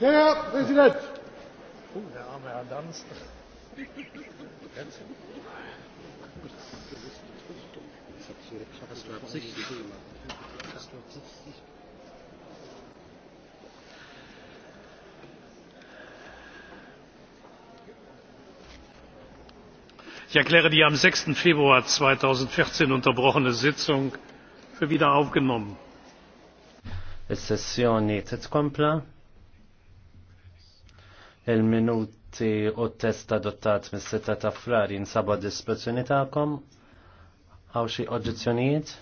Ja, President. Oh, der arme Herr Danz. Ich erkläre die am 6. Februar 2014 unterbrochene Sitzung für wieder aufgenommen. Is-sessjoni titkompla? il-minuti u t-test adottat mis-sitta ta' frar jinsabu għad dispozzjoni ta'kom għaw xi oġġezzjonijiet?